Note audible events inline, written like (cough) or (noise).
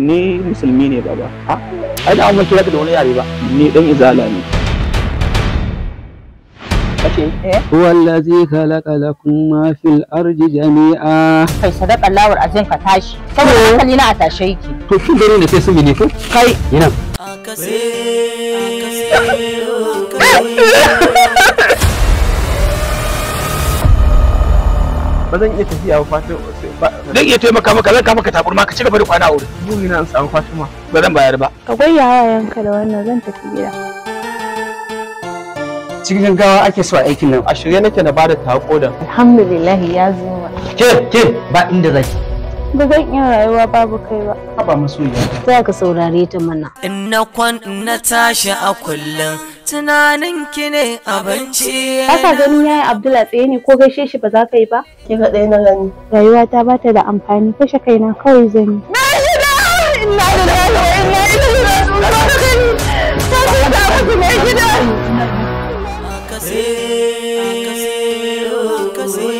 ni musulmi ne baba a ai da amma kira ka da wani yare ba ni dan izala ne هو الذي خلق لكم ما في الأرض jami'a? kai sadaka lawar azin ka tashi saboda eh? ni na a tashe yake to shi gari ne sai sun mene ko kai yana akase akase (laughs) ba zan iya tafiya ba fatima zan iya taimaka maka zan kama ka taburma ka ci gaba da kwana a wurin buri na samu fatima ba zan bayar ba ka gwaya yayanka da wannan zan tafi gida cikin gaggawa ake so a aikin nan a shirye nake na bada ta koda alhamdulillah ya zo ke ke ba inda zaki ba zan iya rayuwa babu kai ba ba masoyiya za ka saurare ta mana in na kwan na tashi a kullum tunaninki ne abinci aka gani yayi Abdullah tsaye ne ko gaishe shi ba za ka yi ba? Ki ga ɗaya na gani. Rayuwa ta bata da amfani kashe kaina kawai zan yi. Na yi da inna lillahi wa inna ilaihi raji'un. Ta ce da ku ne gida. Akasero, akasero, akasero.